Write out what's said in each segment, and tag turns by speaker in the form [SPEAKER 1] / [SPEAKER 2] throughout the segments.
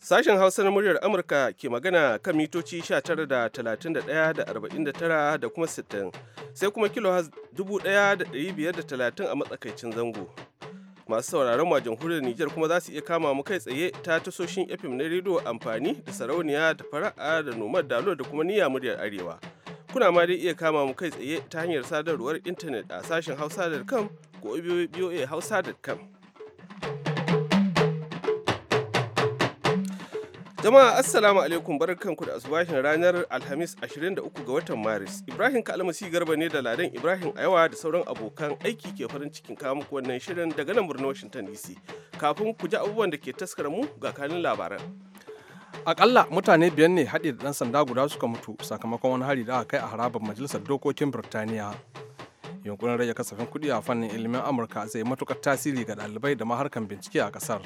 [SPEAKER 1] Sashen Hausa na muryar Amurka ke magana kan mitoci 19 da kuma 60 sai kuma kilo 1530 a matsakaicin zango. Masu sauraron ma jamhuriyar Nijar kuma za su iya kama mu kai tsaye ta tasoshin FM na rediyo amfani da sarauniya da fara'a da nomad dalo da kuma niyya muryar Arewa. kuna ma dai iya kama mu kai tsaye ta hanyar sadarwar intanet a sashen hausa.com ko voa hausa.com jama'a assalamu alaikum barkanku da asubahin ranar alhamis 23 ga watan maris ibrahim kalmasi garba ne da ladan ibrahim a yawa da sauran abokan aiki ke farin cikin kawo wannan shirin daga nan birnin washington dc kafin ku ji abubuwan da ke taskar mu ga kanin labaran
[SPEAKER 2] akalla mutane biyan ne haɗe da ɗan sanda guda suka mutu sakamakon wani hari da aka kai a harabar majalisar dokokin birtaniya yunkurin rage kasafin kuɗi a fannin ilimin amurka zai matukar tasiri ga ɗalibai da maharkan bincike a ƙasar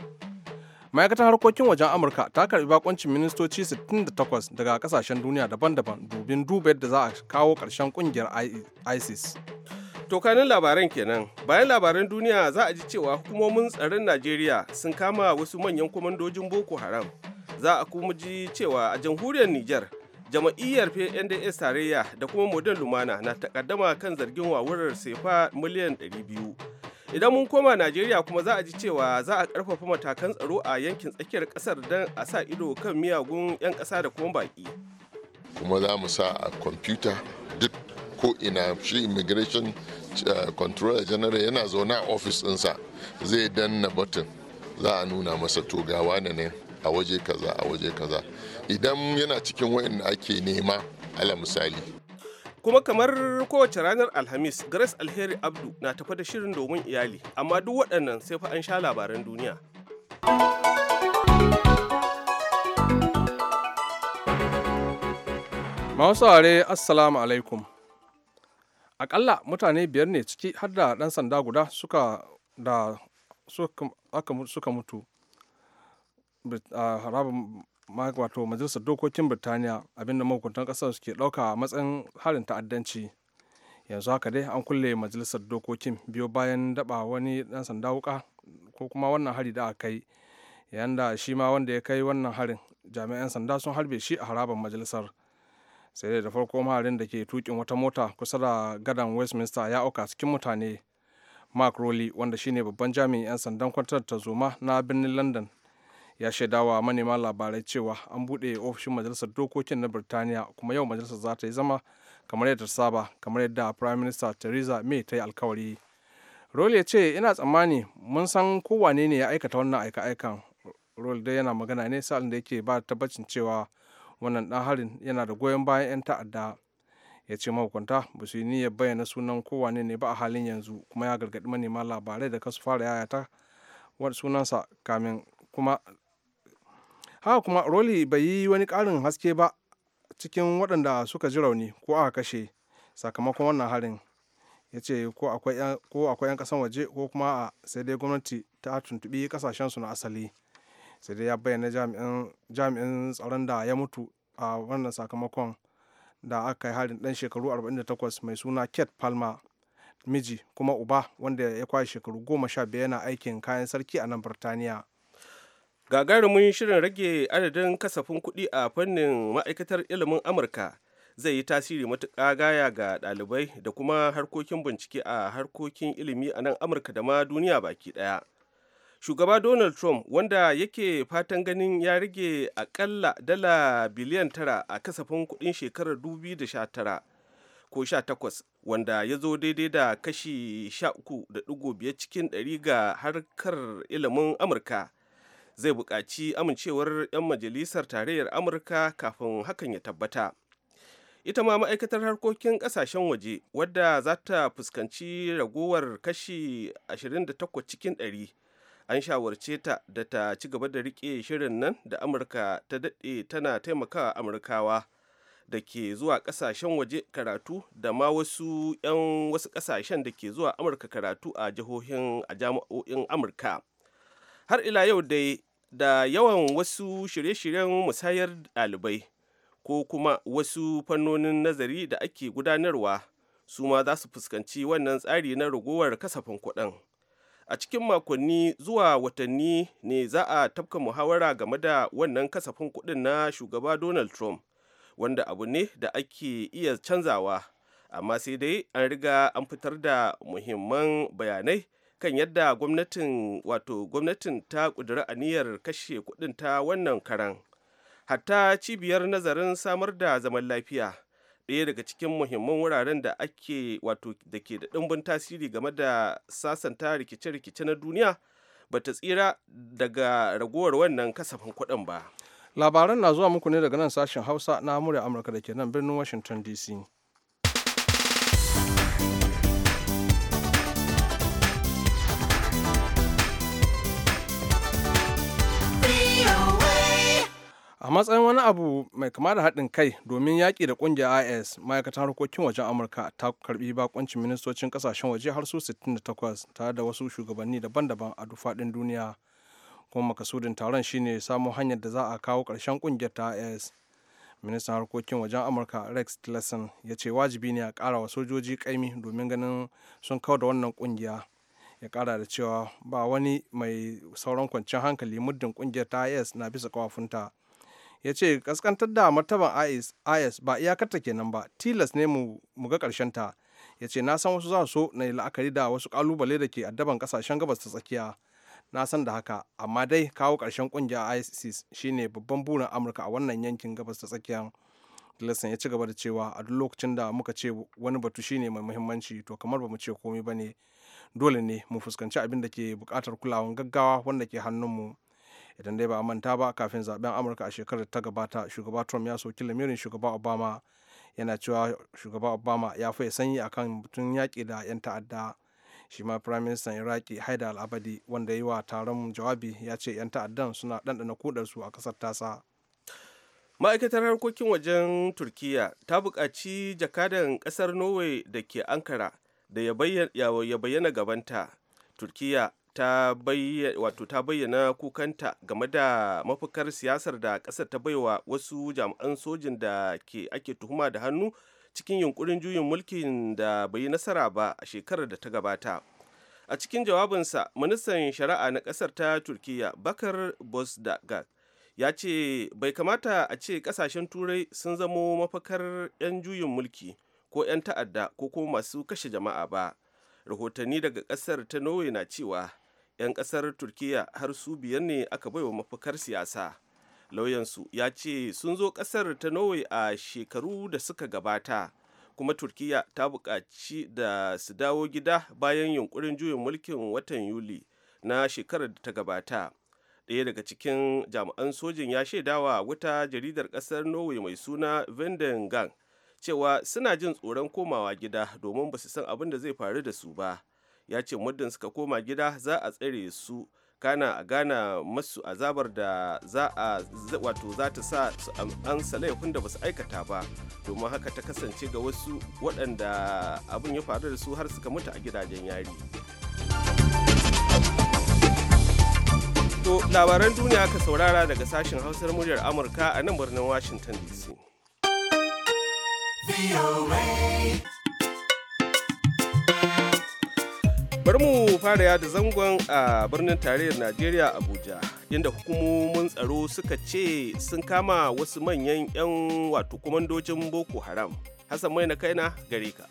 [SPEAKER 2] ma'aikatar harkokin wajen amurka ta karbi bakoncin ministoci 68 daga kasashen duniya daban-daban dubin duba yadda za a kawo ƙarshen ƙungiyar isis
[SPEAKER 1] To kanin labaran kenan bayan labaran duniya za a ji cewa hukumomin tsaron Najeriya sun kama wasu manyan kwamandojin Boko Haram za a kuma ji cewa a jamhuriyar Nijar jama'iyyar NDS tarayya da kuma modern lumana na takaddama kan zargin wawurar sefa miliyan 200 idan mun koma najeriya kuma za a ji cewa za a karfafa matakan tsaro a yankin tsakiyar kasar don a sa ido kan miyagun 'yan kasa da kuma
[SPEAKER 3] baki kuma za mu sa a kwamfuta duk ko ina shi immigration eh, controller general yana zaune a ofis ɗinsa zai danna batun za a nuna masa togawa ne a waje kaza a waje kaza idan yana cikin wa'in ake nema ala misali
[SPEAKER 1] kuma kamar kowace ranar alhamis grace alheri abdu na tafa da shirin domin iyali amma duk waɗannan sai fa an sha labaran duniya
[SPEAKER 2] masu assalamu alaikum akalla mutane biyar ne ciki har da ɗan sanda guda suka da suka mutu harabin wato majalisar dokokin birtaniya abinda mahukuntan kasar suke dauka a matsayin harin ta'addanci yanzu haka dai an kulle majalisar dokokin biyo bayan daba wani dan sanda wuka ko kuma wannan hari da aka kai yanda da shi ma wanda ya kai wannan harin jami'an sanda sun harbe shi a harabar majalisar sai da farko maharin da ke tukin wata mota kusa da gadan westminster ya auka cikin mutane mark rowley wanda shine babban jami'in 'yan sandan kwantar ta zuma na birnin london ya shaidawa manema labarai cewa an buɗe ofishin majalisar dokokin na birtaniya kuma yau majalisar za ta yi zama kamar yadda saba kamar yadda prime minister theresa may ta yi alkawari rol ya ce ina tsammani mun san kowane ne ya aikata wannan aika-aikan rol dai yana magana ne sa'alin da yake ba tabbacin cewa wannan dan harin yana da goyon bayan 'yan ta'adda ya ce mahukunta ba su yi niyyar bayyana sunan kowane ne ba a halin yanzu kuma ya gargaɗi manema labarai da kasu fara yayata sunan sunansa kamin kuma haka kuma roli bai yi wani karin haske ba cikin waɗanda suka ji rauni ko aka kashe sakamakon wannan harin ya ce ko akwai 'yan ƙasan waje ko kuma a sai dai gwamnati ta tuntuɓi ƙasashensu na asali sai dai ya bayyana jami'in tsaron da ya mutu a wannan sakamakon da aka yi harin ɗan shekaru 48 mai suna ket palma miji kuma uba wanda ya kwashe shekaru sha 15 yana aikin kayan sarki a nan
[SPEAKER 1] birtaniya gagarumin shirin rage adadin kasafin kuɗi a fannin ma'aikatar ilimin amurka zai yi tasiri matuƙa gaya ga ɗalibai da kuma harkokin bincike a harkokin ilimi a nan amurka da ma duniya baki ɗaya shugaba donald trump wanda yake fatan ganin ya rage akalla dala biliyan tara a kasafin kuɗin shekarar 2019 ko 18 wanda ya zo daidai da kashi 13.5 cikin 100 ga harkar ilimin amurka zai buƙaci amincewar 'yan majalisar tarayyar amurka kafin hakan ya tabbata ita ma ma'aikatar harkokin ƙasashen waje wadda za ta fuskanci ragowar kashi 28 cikin 100 an shawarce ta da ta ci gaba da riƙe shirin nan da amurka ta daɗe tana taimakawa amurkawa da ke zuwa ƙasashen waje karatu da ma wasu 'yan wasu ƙasashen da ke zuwa amurka karatu a jihohin a jami'o'in amurka har ila yau dai da yawan wasu shirye-shiryen musayar ɗalibai ko kuma wasu fannonin nazari da ake gudanarwa su ma za su fuskanci wannan tsari na ragowar kasafin kuɗin a cikin makonni zuwa watanni ne za a tafka muhawara game da wannan kasafin kuɗin na shugaba donald trump wanda abu ne da ake iya canzawa amma sai dai an riga an fitar da muhimman bayanai kan yadda gwamnatin wato gwamnatin ta ƙudiri aniyar kashe kudin ta wannan karan hatta cibiyar nazarin samar da zaman lafiya ɗaya daga cikin muhimman wuraren da ake wato da ke da ɗimbin tasiri game da sasanta rikice-rikice na duniya ba ta tsira daga ragowar wannan kasafin kuɗin ba
[SPEAKER 2] labaran na zuwa muku ne daga nan sashen hausa na murya amurka da ke nan birnin washington dc a matsayin wani abu mai kama da haɗin kai domin yaƙi da ƙungiyar is ma'aikatan harkokin wajen amurka ta karbi bakoncin ministocin ƙasashen waje har su 68 tare da wasu shugabanni daban-daban a dufaɗin duniya kuma makasudin taron shine samun hanyar da za a kawo ƙarshen ƙungiyar ta is ministan harkokin wajen amurka rex tillerson ya ce wajibi ne a ƙara wa sojoji ƙaimi domin ganin sun kawo da wannan ƙungiya ya kara da cewa ba wani mai sauran kwanciyar hankali muddin ƙungiyar ta is na bisa ƙawafunta ya ce kaskantar da martaban is ba iyakarta kenan ba tilas ne mu ga karshen ta ya ce na san wasu za so na yi la'akari da wasu kalubale da ke addaban kasashen gabas ta tsakiya na san da haka amma dai kawo kungiya a isis shine babban burin amurka a wannan yankin gabas ta tsakiya tilas ya ci gaba da cewa a duk lokacin da muka ce wani batu shine mai muhimmanci to kamar ba mu ce komai ba ne dole ne mu fuskanci abin da ke bukatar kulawan gaggawa wanda ke mu. idan dai ba a manta ba kafin zaben amurka a shekarar ta gabata shugaba trump ya soki lamirin shugaba obama yana cewa shugaba obama ya fi sanyi a kan mutum yaƙi da 'yan ta'adda shi ma prime minister iraki haida al'abadi wanda yi wa taron jawabi ya ce 'yan ta'addan suna ɗanɗana kudarsu a ƙasar tasa
[SPEAKER 1] ma'aikatar harkokin wajen turkiya ta buƙaci jakadan ƙasar norway da ke ankara da ya bayyana gabanta turkiya ta wato ta bayyana kukanta game da mafukar siyasar da kasar ta baiwa wasu jami'an sojin da ke ake tuhuma da hannu cikin yunkurin juyin mulkin da bai nasara ba a shekarar da ta gabata a cikin jawabinsa ministan shari'a na kasar ta turkiya bakar bosdagat ya ce bai kamata a ce kasashen turai sun zamo mafakar 'yan juyin mulki ko 'yan ta'adda ko kuma masu kashe jama'a ba rahotanni daga kasar ta norway na cewa 'yan kasar turkiya har su biyan ne aka baiwa mafakar siyasa lauyansu ya ce sun zo kasar ta norway a shekaru da suka gabata kuma turkiya ta buƙaci da su dawo gida bayan yunkurin juyin mulkin watan yuli na shekarar da ta gabata ɗaya daga cikin jami'an sojin ya shaidawa wata jaridar ƙasar norway mai suna vendengang cewa suna jin tsoron komawa gida domin ba su san abin da zai faru da su ba ya ce muddin suka koma gida za a tsare su kana a gana masu azabar da za a wato za ta sa su an laifin da basu aikata ba domin haka ta kasance ga wasu waɗanda abin ya faru da su har suka mutu a gidajen yari to labaran duniya aka saurara daga sashen hausar muryar amurka a nan birnin washington dc bari mu fara yada zangon a birnin tarayyar najeriya abuja inda hukumomin tsaro suka ce sun kama wasu manyan 'yan wato kwamandojin boko haram hassan mai na kaina gare ka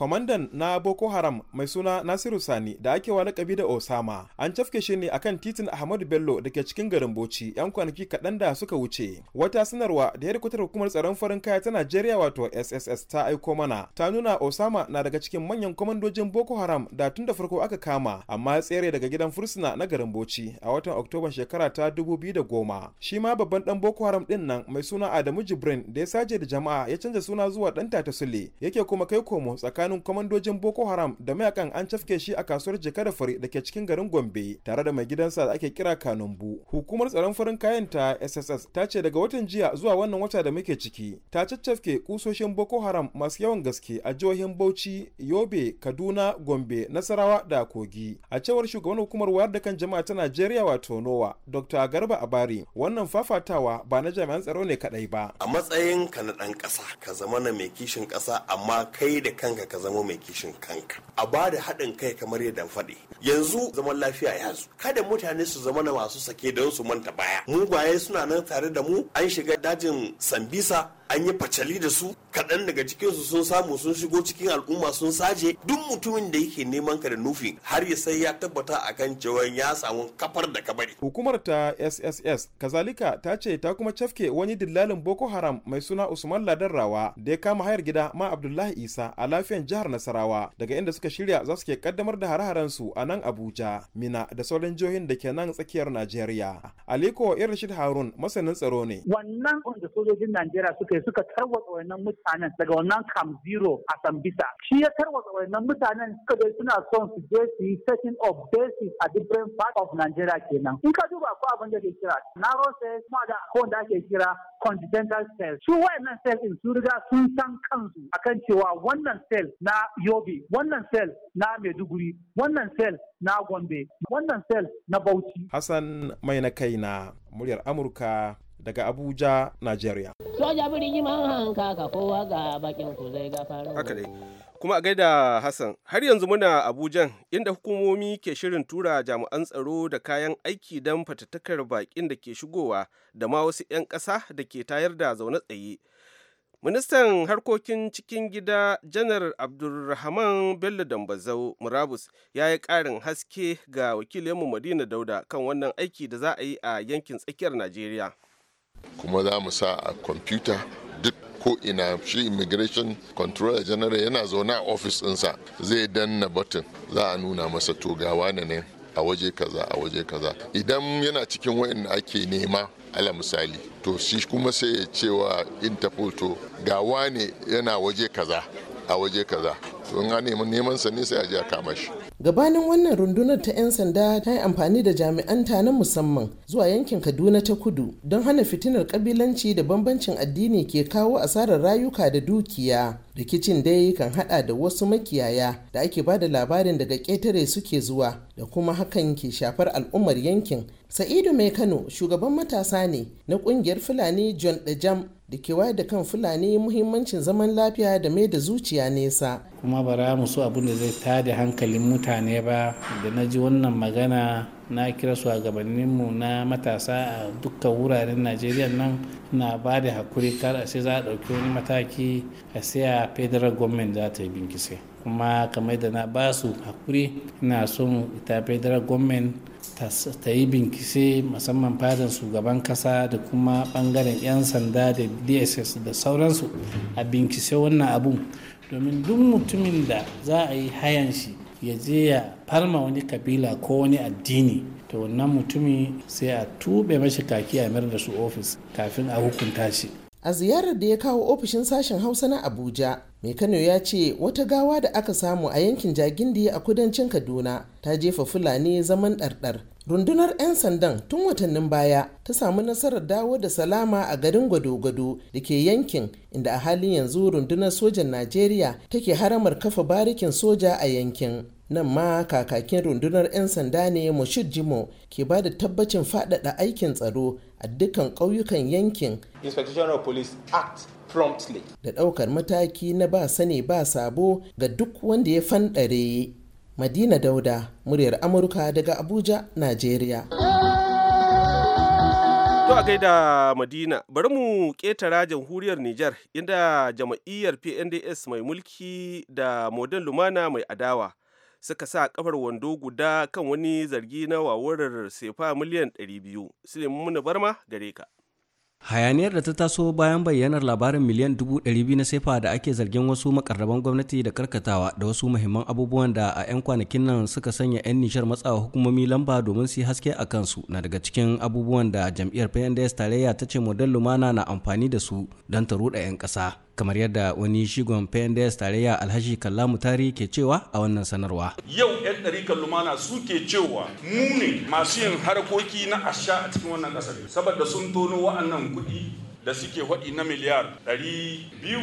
[SPEAKER 4] kwamandan na boko haram mai suna nasiru sani da ake wa lakabi da osama an cafke shi ne akan titin ahmadu bello da ke cikin garin bauchi yan kwanaki kaɗan da suka wuce wata sanarwa da hedikwatar hukumar tsaron farin kaya ta najeriya wato sss ta aiko mana ta nuna osama na daga cikin manyan kwamandojin boko haram da tun da farko aka kama amma ya tsere daga gidan fursuna na garin bauchi a watan oktoban shekara ta da goma. shi ma babban dan boko haram din nan mai suna adamu jibrin da ya saje da jama'a ya canza suna zuwa dan tatasule sule yake kuma kai komo tsakanin tsakanin kwamandojin boko haram da mayakan an cafke shi a kasuwar jika da fari da ke cikin garin gombe tare da mai gidansa da ake kira kanumbu hukumar tsaron farin kayan ta sss ta ce daga watan jiya zuwa wannan wata da muke ciki ta caccafke kusoshin boko haram masu yawan gaske a jihohin bauchi yobe kaduna gombe nasarawa da kogi a cewar shugaban hukumar wayar da kan jama'a ta najeriya wato nowa dr garba abari wannan fafatawa ba na jami'an tsaro ne kadai ba a
[SPEAKER 1] matsayin ka na dan kasa ka zama na mai kishin kasa amma kai da kanka ka zama mai kishin kanka a ba da haɗin kai kamar yadda faɗi yanzu zaman lafiya ya zo kada mutane su zama na masu sake don su manta baya mugaye suna nan tare da mu an shiga dajin sambisa an yi facali da su kaɗan daga cikinsu sun samu sun shigo cikin al'umma sun saje duk mutumin da yake neman ka da nufi har ya sai ya tabbata a kan cewa ya samu kafar da ka bari.
[SPEAKER 4] Hukumar ta SSS kazalika ta ce ta kuma cafke wani dillalin Boko Haram mai suna Usman Ladan Rawa da ya kama hayar gida ma Abdullahi Isa a lafiyan gwamnan jihar Nasarawa daga inda suka shirya za su ke kaddamar da hare su a nan Abuja, Mina da sauran jihohin da ke nan tsakiyar Najeriya. Aliko Irshid Harun masanin tsaro ne.
[SPEAKER 5] Wannan wanda sojojin Najeriya
[SPEAKER 6] suka yi suka
[SPEAKER 4] tarwatsa wannan mutanen daga wannan Camp Zero a Sambisa.
[SPEAKER 6] Shi ya tarwatsa wannan mutanen suka dai suna son su je su yi setting of bases a different part of Najeriya kenan. In ka duba ko abin da ke kira narrow cells kuma da ko da ake kira continental cells. Su wayannan cells in su riga sun san kansu akan cewa wannan cell na Yobe,
[SPEAKER 5] wannan sel na Maiduguri, wannan sel na Gombe, wannan sel na Bauchi.
[SPEAKER 4] Hassan mai na kai na muryar Amurka daga Abuja, Nigeria.
[SPEAKER 5] Soja
[SPEAKER 7] birni man hanka ka kowa ga bakin ku zai faru. Haka
[SPEAKER 1] dai. Kuma a gaida Hassan, har yanzu muna abuja inda hukumomi ke shirin tura jami'an tsaro da kayan aiki don fatattakar bakin da ke shigowa da ma wasu 'yan ƙasa da ke tayar da zaune tsaye. ministan harkokin cikin gida janar abdulrahman bello dambazau murabus ya yi karin haske ga wakilinmu madina dauda kan wannan aiki da za a yi a yankin tsakiyar najeriya
[SPEAKER 3] kuma za mu sa a kwamfuta duk ko ina shi immigration controller general yana zaune a ofis ɗinsa zai danna batun za a nuna masa togawa na ne a waje kaza a waje kaza idan yana cikin wayan ake nema ala misali to shi kuma sai cewa interpol to ga wane yana waje kaza a waje kaza sun in neman neman sa ne sai a kama shi
[SPEAKER 8] gabanin wannan rundunar ta 'yan sanda ta yi amfani da jami'an ta na musamman zuwa yankin kaduna ta kudu don hana fitinar kabilanci da bambancin addini ke kawo asarar rayuka da dukiya rikicin dai kan hada da wasu makiyaya da ake bada labarin daga ƙetare suke zuwa da kuma hakan ke shafar al'ummar yankin sa'idu mai kano shugaban matasa ne na kungiyar fulani john da jam da ke da kan fulani muhimmancin zaman lafiya da mai da zuciya nesa kuma kuma ba ra mu so abin
[SPEAKER 5] da zai tada hankalin mutane ba da na ji wannan magana na kira su a gabaninmu na matasa a dukkan wuraren najeriya nan na ba da hakuri kar a sai za a ɗauki wani mataki a sai a federal government za ta yi binkise kuma kamar da na ba su hakuri ina son ita federal government ta yi binkise musamman fadin shugaban kasa da kuma bangaren 'yan sanda da dss da sauransu a binkise wannan abun domin duk mutumin da za a yi hayan shi ya je ya farma wani kabila ko wani addini to wannan mutumi
[SPEAKER 8] sai a tube mashi kaki a mayar da su ofis kafin a hukunta shi a ziyarar da ya kawo ofishin sashen hausa na abuja mai kano ya ce wata gawa da aka samu a yankin jagindi a kudancin kaduna ta jefa fulani zaman ɗarɗar rundunar 'yan sandan tun watannin baya ta samu nasarar dawo da salama a garin gwado-gwado da ke yankin inda a halin yanzu rundunar sojan najeriya take haramar kafa barikin soja a yankin nan ma kakakin rundunar 'yan sanda ne moshid jimo ke ba da tabbacin faɗaɗa aikin tsaro a dukkan ƙauyukan yankin da ɗaukar mataki na ba sani ba sabo ga duk wanda ya fanɗare Madina Dauda, muryar Amurka daga Abuja, Najeriya.
[SPEAKER 9] To a
[SPEAKER 1] gaida Madina, bari mu ƙetara jamhuriyar Nijar inda jama'iyyar PNDS mai mulki da Modern Lumana mai adawa suka sa kafar wando guda kan wani zargi na wawarar sefa miliyan 200. Suleiman Barma gare ka.
[SPEAKER 5] hayaniyar da ta taso bayan bayyanar labarin miliyan 200 na sefa da ake zargin wasu makarraban gwamnati da karkatawa da wasu muhimman abubuwan da a 'yan kwanakin nan suka sanya 'yan nishar matsawa hukumomi lamba domin su haske a kansu na daga cikin abubuwan da jam'iyyar pnds tarayya ta ce model lumana na amfani da su don ta ruɗa 'yan ƙasa kamar yadda wani shigon PNDS tarayya Alhaji Kallamu Tari ke cewa a wannan sanarwa.
[SPEAKER 4] Yau 'yan ɗarikan lumana su ke cewa mu ne masu yin harkoki na asha a cikin wannan ƙasar saboda sun tono wa'annan kuɗi da suke haɗi na miliyar ɗari biyu.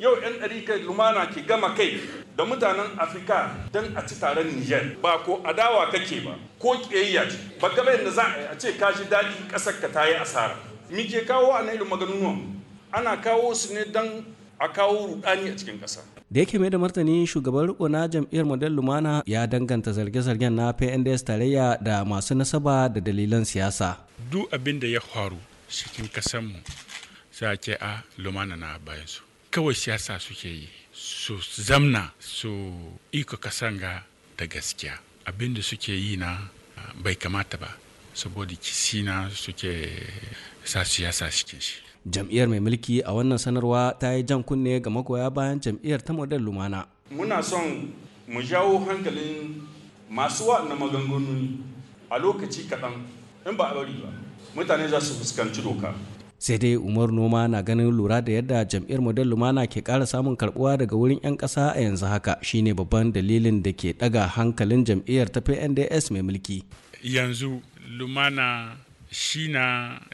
[SPEAKER 4] Yau 'yan ɗarikan lumana ke gama kai da mutanen afirka don a ci taron niger ba ko adawa kake ba ko ƙiyayya ce ba gaba yadda za a ce ka ji daɗi ƙasar ka ta yi asara mike kawo a irin maganunuwan ana kawo su ne don a kawo rudani a cikin ƙasa
[SPEAKER 5] da yake mai da martani shugaban riko na jam'iyyar model lumana ya danganta zarge-zargen na pnds tarayya da masu nasaba da dalilan siyasa duk abin da ya faru cikin kasanmu za ce a lumana na bayan su kawai siyasa suke yi su zamna su iko kasan ga da gaskiya abin da suke yi na bai kamata ba saboda kisina suke sa siyasa cikin shi jam'iyyar mai mulki a wannan sanarwa ta yi jan kunne ga magoya bayan jam'iyyar ta model lumana muna son
[SPEAKER 4] mu jawo hankalin masu na maganganu a lokaci kaɗan in ba a bari ba mutane za su fuskanci doka
[SPEAKER 5] sai dai umar noma na ganin lura da yadda jam'iyyar model lumana ke kara samun karbuwa daga wurin 'yan ƙasa a yanzu haka shine babban dalilin da ke ɗaga hankalin jam'iyyar ta pnds mai mulki yanzu lumana shi na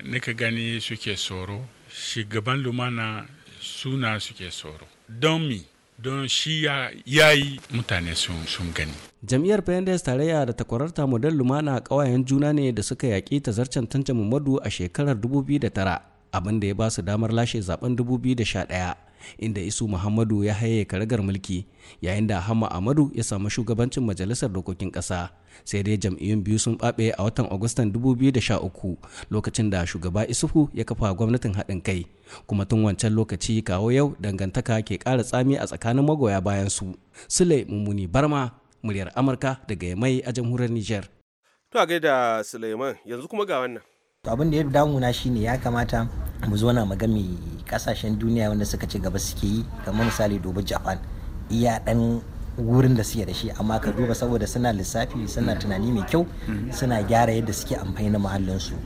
[SPEAKER 5] nika gani suke tsoro shugaban lumana suna suke tsoro don mi don shi ya yi mutane
[SPEAKER 3] sun gani
[SPEAKER 5] jam'iyyar pendes tarayya da takwararta model lumana kawayen juna ne da suka yaƙi zarcen tantance mamadu a shekarar 2009 abin da ya ba su damar lashe zaben 2011 inda isu muhammadu ya haye karagar mulki yayin da hama amadu ya samu shugabancin majalisar dokokin ƙasa sai dai jam'iyyun biyu sun ɓaɓe a watan agustan 2013 lokacin da shugaba Isufu ya kafa gwamnatin haɗin kai kuma tun wancan lokaci kawo yau dangantaka ke ƙara tsami a tsakanin magoya bayan su sule mummuni barma muryar amurka daga mai a jamhuriyar niger
[SPEAKER 1] to a gaida suleiman yanzu kuma ga wannan
[SPEAKER 5] to abin da ya damuna shine ya kamata mu zo na magami kasashen duniya wanda suka ci gaba suke yi kamar misali dubu japan iya dan wurin da suke da shi amma ka duba saboda suna lissafi suna tunani mai kyau suna gyara yadda suke amfani na muhallinsu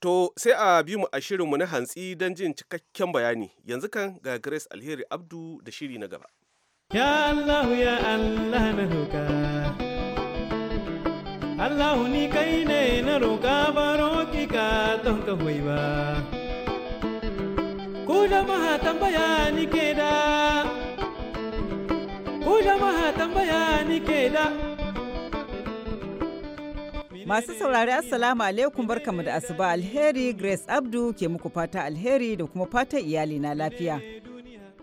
[SPEAKER 1] to sai a bi mu a shirinmu na hantsi don jin cikakken bayani yanzu kan ga grace alheri abdu da shiri na gaba
[SPEAKER 9] ya allah ya allah na hukar Allah ni kai ne na roka baro ki ka don ka hoyi ba. Ku jama'a tambaya ni ke da, ku jama'a tambaya ni ke da.
[SPEAKER 7] Masu saurari Assalamu alaikum barkamu da asuba alheri Grace Abdu ke muku fata alheri da kuma fata iyali na lafiya.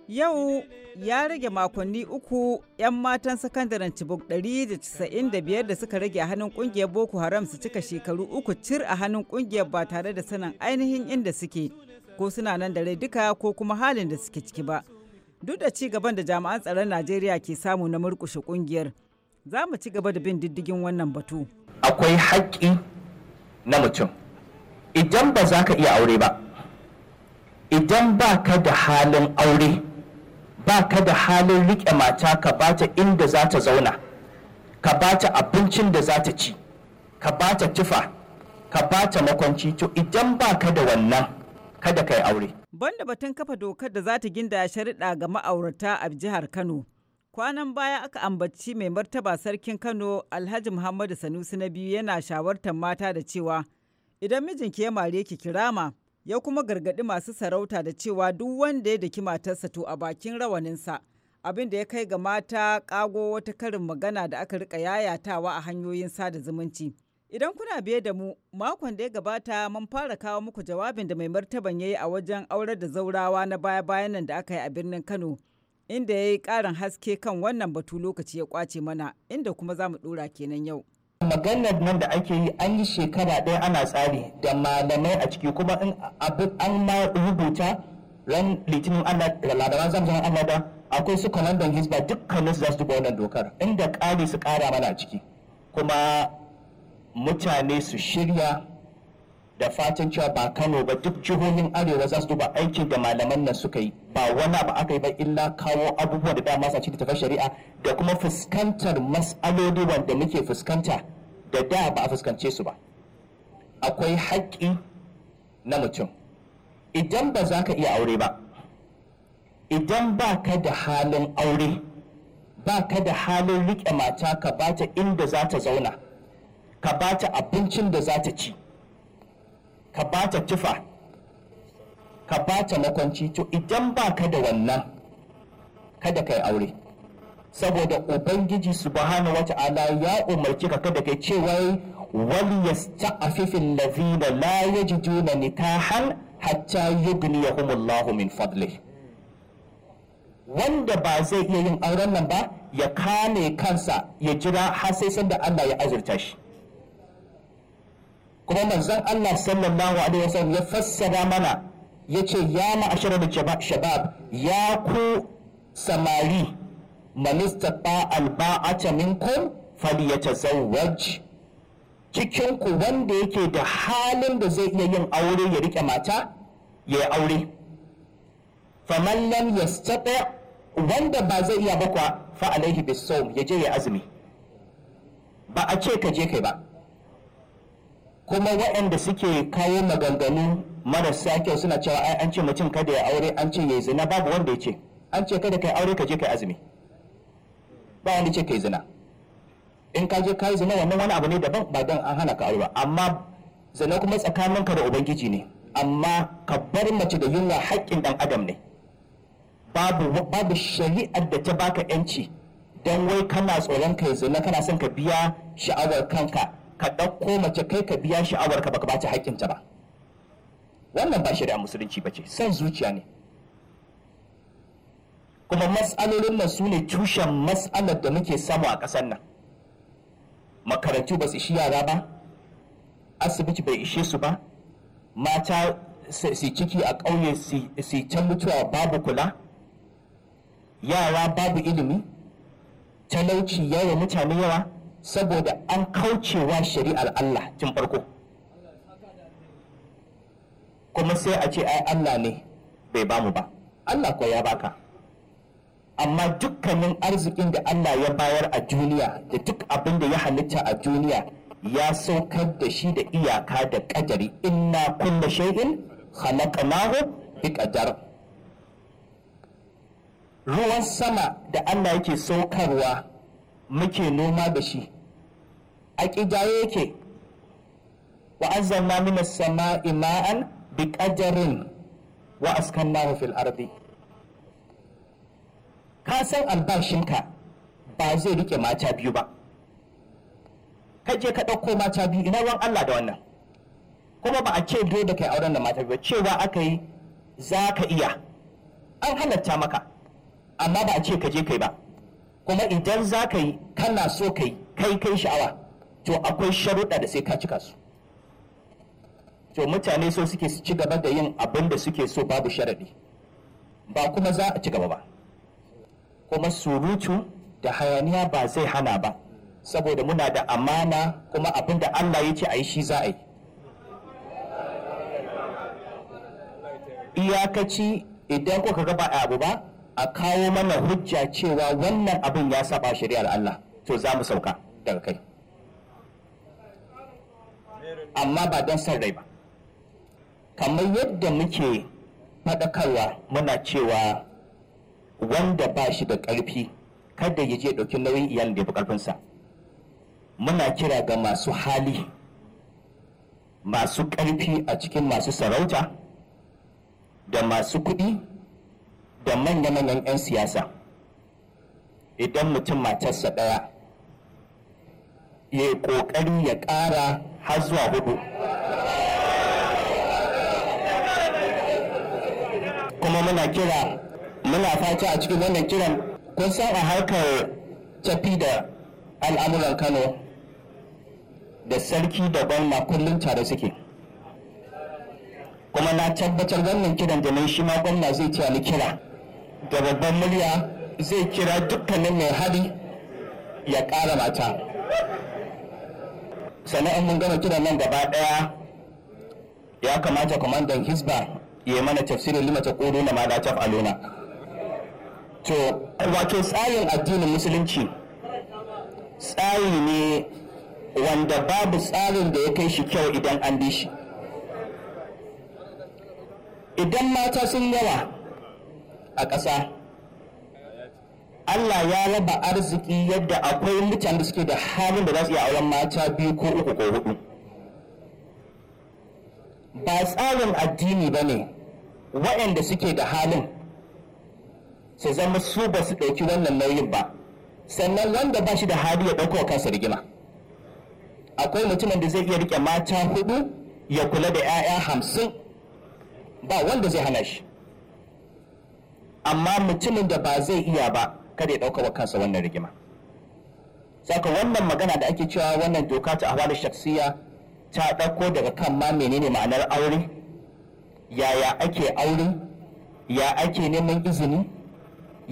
[SPEAKER 7] Yau ya rage makonni uku 'yan matan sakandaren cibok 195 da suka rage a hannun kungiyar Boko Haram su cika shekaru uku cir a hannun kungiyar ba tare da sanin ainihin inda suke ko suna nan da rai duka ko kuma halin da suke ciki ba. Duk da ci gaban da jami'an tsaron Najeriya ke samu na murkushe kungiyar, za mu ci gaba da bin diddigin wannan batu. Akwai haƙƙi
[SPEAKER 6] na mutum. Idan ba za ka iya aure ba, idan ba ka da halin aure. ba ka da halin riƙe mata ka ba ta inda za ta zauna ka ba ta abincin da za ta ci ka ba ta tufa ka ba ta makwanci to idan ba ka da wannan kada ka yi aure
[SPEAKER 7] banda batun kafa dokar da za ta ginda shariɗa ga ma'aurata a jihar kano kwanan baya aka ambaci mai martaba sarkin kano alhaji muhammadu sanusi na biyu yana shawartar mata da cewa idan mijinki ya mare ki kirama ya kuma gargaɗi masu sarauta da cewa duk wanda ya daki matarsa to a bakin rawaninsa abin da ya kai ga mata ƙago wata karin magana da aka rika yayatawa a hanyoyin sada zumunci idan kuna biye da mu makon da ya gabata mun fara kawo muku jawabin da mai martaban ya yi a wajen aurar da zaurawa na baya-bayan nan da aka yi a birnin kano inda ya yi ƙarin haske kan wannan batu lokaci ya kwace mana inda kuma za mu ɗora kenan yau
[SPEAKER 6] maganar nan da ake yi an yi shekara ɗaya ana tsari da malamai a ciki kuma in an ma rubuta ran litinin allah da ladaran zamzan allah da akwai su kwanan hisba dukkanin su za su duba wannan dokar inda ƙari su ƙara mana a ciki kuma mutane su shirya da fatan cewa ba kano ba duk jihohin arewa za su duba aikin da malaman nan suka yi ba wani abu aka yi ba illa kawo abubuwan da dama sa cikin tafiyar shari'a da kuma fuskantar matsaloli wanda muke fuskanta da da ba a fuskance su ba akwai haƙƙi na mutum idan ba za ka iya aure ba idan ba ka da halin aure ba ka da halin riƙe mata ka ba ta inda za ta zauna ka ba ta abincin da za ta ci ka ba ta tufa ka ba ta makwanci to idan ba ka da wannan kada ka yi aure saboda ubangiji subhanahu wata'ala ya umarci ka kada kai cewa wal yasta'afifin ladhina la yajiduna nikahan hatta yughniyahumullahu min fadli wanda ba zai iya yin auren nan ba ya kame kansa ya jira har sai sanda Allah ya azurta shi kuma manzon Allah sallallahu alaihi wasallam ya fassara mana yace ya ma'ashara shabab ya ku samari man istata alba'ata minkum falyatazawwaj cikin ku wanda yake da halin da zai iya yin aure ya rike mata ya yi aure faman lam yastata wanda ba zai iya ba kwa fa alaihi bisawm ya je ya azumi ba a ce ka je kai ba kuma waɗanda suke kawo maganganu marasa kyau suna cewa ai an ce mutum kada ya aure an ce ya zina babu wanda ya ce an ce kada kai aure ka je kai azumi ba wanda ce kai zina in ka je ka yi zina wannan wani abu ne daban ba dan an hana ka aure ba amma zina kuma tsakanin ka da ubangiji ne amma ka bar mace da yunwa haƙƙin dan adam ne babu babu shari'ar da ta baka yanci dan wai kana tsoron kai zina kana son ka biya sha'awar kanka ka ɗauko mace kai ka biya sha'awar ka baka ba ta haƙƙinta ba wannan ba shari'a musulunci ba ce son zuciya ne kuma matsalolin nan su ne tushen matsalar da muke samu a ƙasar nan makarantu ba su ishi yara ba asibiti bai ishe su ba mata su ciki a ƙauye su can mutuwa babu kula yara babu ilimi talauci yawa mutane yawa saboda an kaucewa shari'ar Allah tun farko kuma sai a ce ai Allah ne bai bamu ba Allah ko ya baka amma dukkanin arzikin da Allah ya bayar a duniya da duk abin da ya halitta a duniya ya saukar da shi da iyaka da kadari inna kulla shay'in khalaqnahu bi qadar ruwan sama da Allah yake saukarwa muke noma da shi a kidaye yake wa azzalna minas sama'i ma'an bi qadarin wa askannahu fil ardi ka san albashinka ba zai rike mata biyu ba ka je ka ɗauko mata biyu ina ruwan Allah da wannan kuma ba a ce do da kai auren da mata biyu cewa aka yi za ka iya an halatta maka amma ba a ce ka je kai ba kuma idan za ka yi kana so ka yi kai kai sha'awa to akwai sharuɗa da sai ka cika su to mutane so suke su ci gaba da yin abin da suke so babu sharaɗi ba kuma za a ci gaba ba kuma surutu da hayaniya ba zai hana ba saboda muna da amana kuma abin da Allah ya ce a yi shi za a yi iyakaci idan kuka gaba abu ba a kawo mana hujja cewa wannan abin ya saba shari'ar Allah to za mu sauka daga kai amma ba don son rai ba kamar yadda muke faɗakarwa muna cewa wanda ba shi da ƙarfi kada ya je ɗauki nauyin iyalin da ya fi ƙarfinsa muna kira ga masu hali masu ƙarfi a cikin masu sarauta da masu kuɗi da manya-manyan 'yan siyasa idan mutum matarsa ɗaya ya ƙoƙari ya ƙara har zuwa hudu kuma muna kira muna fata a cikin wannan kiran kun san a harkar tafi da al'amuran kano da sarki da gwamna kullum tare suke kuma na tabbatar wannan kiran da nan shi ma gwamna zai ce ni kira da babban murya zai kira dukkanin mai hari ya ƙara mata sana'an mun gama kiran nan gaba ɗaya ya kamata kwamandan hisba ya mana tafsirin limata ƙoro na ma da taf alona to wato tsarin addinin musulunci tsari ne wanda babu tsarin da ya kai shi kyau idan an bi shi idan mata sun yawa a ƙasa Allah ya raba arziki yadda akwai mutane da suke da halin da za su iya auren mata biyu ko uku ko hudu ba tsarin addini ba ne waɗanda suke da halin su zama su ba su ɗauki wannan nauyin ba sannan wanda ba shi da hali ya ɗauko kansa rigima akwai mutumin da zai iya rike mata hudu ya kula da 'ya'ya hamsin ba wanda zai hana shi amma mutumin da ba zai iya ba kada ya ɗauka wa kansa wannan rigima saka wannan magana da ake cewa wannan doka ta ahwalu shaksiya ta ɗauko daga kan ma menene ma'anar aure yaya ake aure ya ake neman izini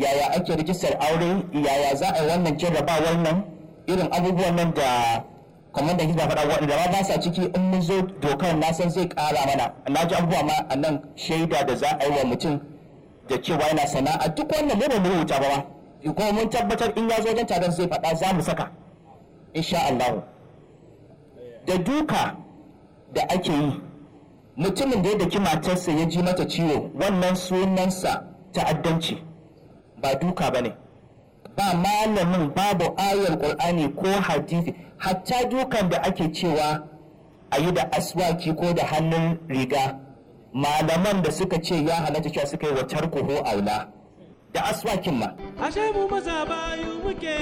[SPEAKER 6] yaya ake rijistar aure yaya za a yi wannan jarrabawar wannan irin abubuwan nan da kamar da kika faɗa waɗanda ba sa ciki in mun zo dokar na san zai kara mana na ji abubuwa ma a nan shaida da za a yi wa mutum da cewa yana sana'a duk wannan ne ba mu rubuta ba ba. kuma mun tabbatar in ya zo don taron zai fada za mu saka insha Allah da duka da ake yi mutumin da ya daki matarsa ya ji mata ciwo wannan sunansa ta'addanci ba duka ba ne ba malamin babu ayar ƙul'ani ko hadisi hatta dukan da ake cewa a yi da aswaki ko da hannun riga malaman da suka ce ya halatta cewa suka yi wa ko
[SPEAKER 9] aula da aswakin ma ashe mu maza bayu muke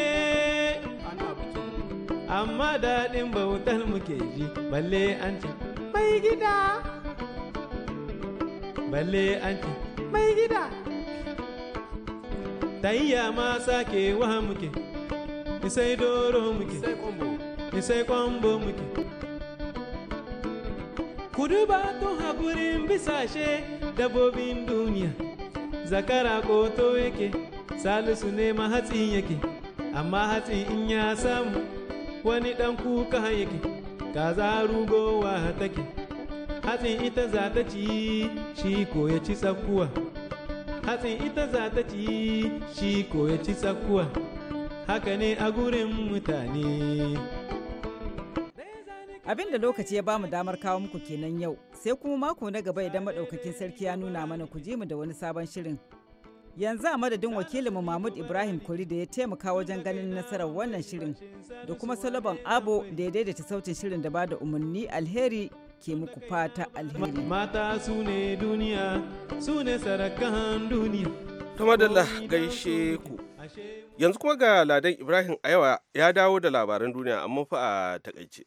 [SPEAKER 9] amma daɗin bautar muke ji balle an ce mai gida balle an ce mai gida tayya ma sake wa muke isai doro muke isai kwambo muke kudu ba tun haƙurin bisashe dabobin duniya zakara ko koto yake salisu ne ma hatsi yake amma hatsi in ya samu wani dan kuka yake kaza rugowa take hatsi ita za ta ci shi ko ya ci sakkuwa. hatsin ita za ta ci shi ko ya ci tsakuwa haka ne a gurin mutane
[SPEAKER 7] Abinda lokaci ya bamu damar kawo muku kenan yau sai kuma mako na gaba idan maɗaukakin sarki ya nuna mana ku je mu da wani sabon shirin yanzu a madadin wakilinmu mahmud ibrahim kuri da ya taimaka wajen ganin nasarar wannan shirin da kuma Salobon abo da ya daidaita sautin shirin da ba da umarni alheri ke
[SPEAKER 9] muku fata alheri. Mata su duniya, su ne sarakan duniya. gaishe ku.
[SPEAKER 1] Yanzu kuma ga Ladan Ibrahim Ayawa ya dawo da labaran duniya amma fa a takaice.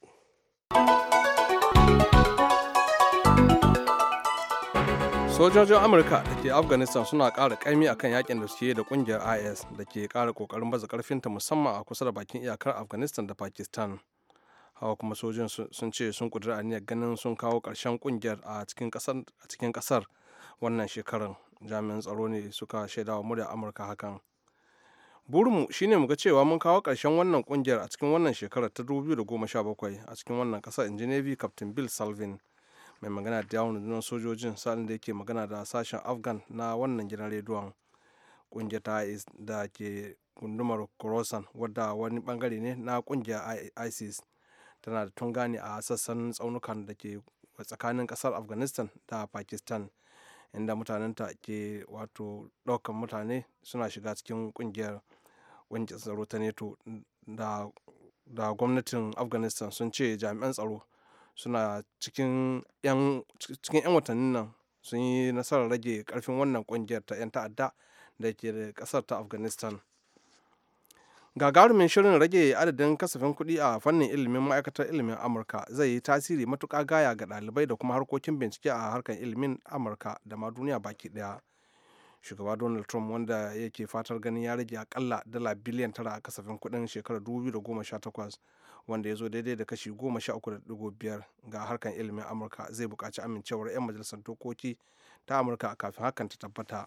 [SPEAKER 1] Sojojin Amurka da ke Afghanistan suna
[SPEAKER 2] ƙara ƙaimi akan yakin da suke da ƙungiyar IS da ke ƙara ƙoƙarin baza ƙarfinta musamman a kusa da bakin iyakar Afghanistan da Pakistan. hawa kuma sojin sun ce sun kudura aniyar ganin sun kawo ƙarshen kungiyar a cikin ƙasar wannan shekarar jami'an tsaro ne suka shaidawa murya amurka hakan burinmu shine muga cewa mun kawo ƙarshen wannan kungiyar a cikin wannan shekarar ta 2017 a cikin wannan ƙasar inji navy captain bill salvin mai magana da yawon rundunar sojojin salin da yake magana da sashen afghan na wannan gidan rediyon kungiyar ta da ke gundumar khorasan wadda wani bangare ne na kungiyar isis tana da tungani a sassan tsaunukan da ke tsakanin kasar afghanistan da pakistan inda mutanenta ke wato ɗaukan mutane suna shiga cikin kungiyar kungiyar tsaro ta neto da gwamnatin afghanistan sun ce jami'an tsaro suna cikin 'yan watannin nan sun yi nasarar rage karfin wannan kungiyar ta 'yan ta'adda da ke da kasar ta afghanistan gagarumin shirin rage adadin kasafin kuɗi a fannin ilimin ma'aikatar ilimin amurka zai yi tasiri matuka gaya ga ɗalibai da kuma harkokin bincike a harkar ilimin amurka da ma duniya baki ɗaya shugaba donald trump wanda yake fatar ganin ya rage akalla dala biliyan tara a kasafin kuɗin shekarar 2018 wanda ya zo daidai da kashi 13.5 ga harkar ilimin amurka zai bukaci amincewar 'yan majalisar dokoki ta amurka kafin hakan ta tabbata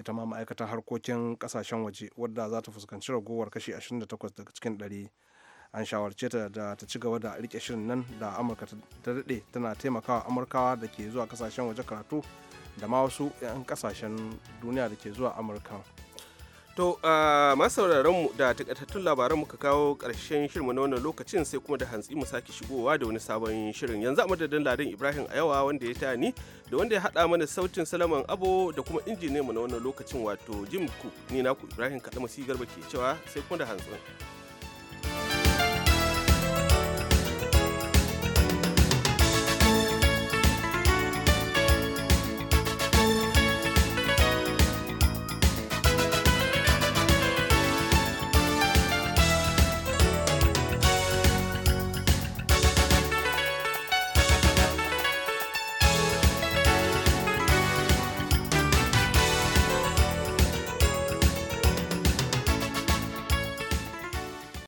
[SPEAKER 2] ita ma ma'aikatar harkokin kasashen waje wadda za ta fuskanci ragowar kashi 28 daga cikin 100 an shawarce ta da ta ci gaba da rike shirin nan da amurka ta daɗe tana taimakawa amurkawa da ke zuwa kasashen waje karatu da ma wasu 'yan kasashen duniya da ke zuwa amurka
[SPEAKER 1] To, masauraran mu da takaitattun labaran muka kawo ƙarshen shirin na wannan lokacin sai kuma da hantsi mu sake shigowa da wani sabon shirin. Yanzu a madadin ladin Ibrahim Ayawa wanda ya tani ni da wanda ya haɗa mana sautin Salaman Abo da kuma mu na wannan lokacin wato Jim Cook. Ni naku Ibrahim Kalamasi Garba ke cewa sai kuma da hantsi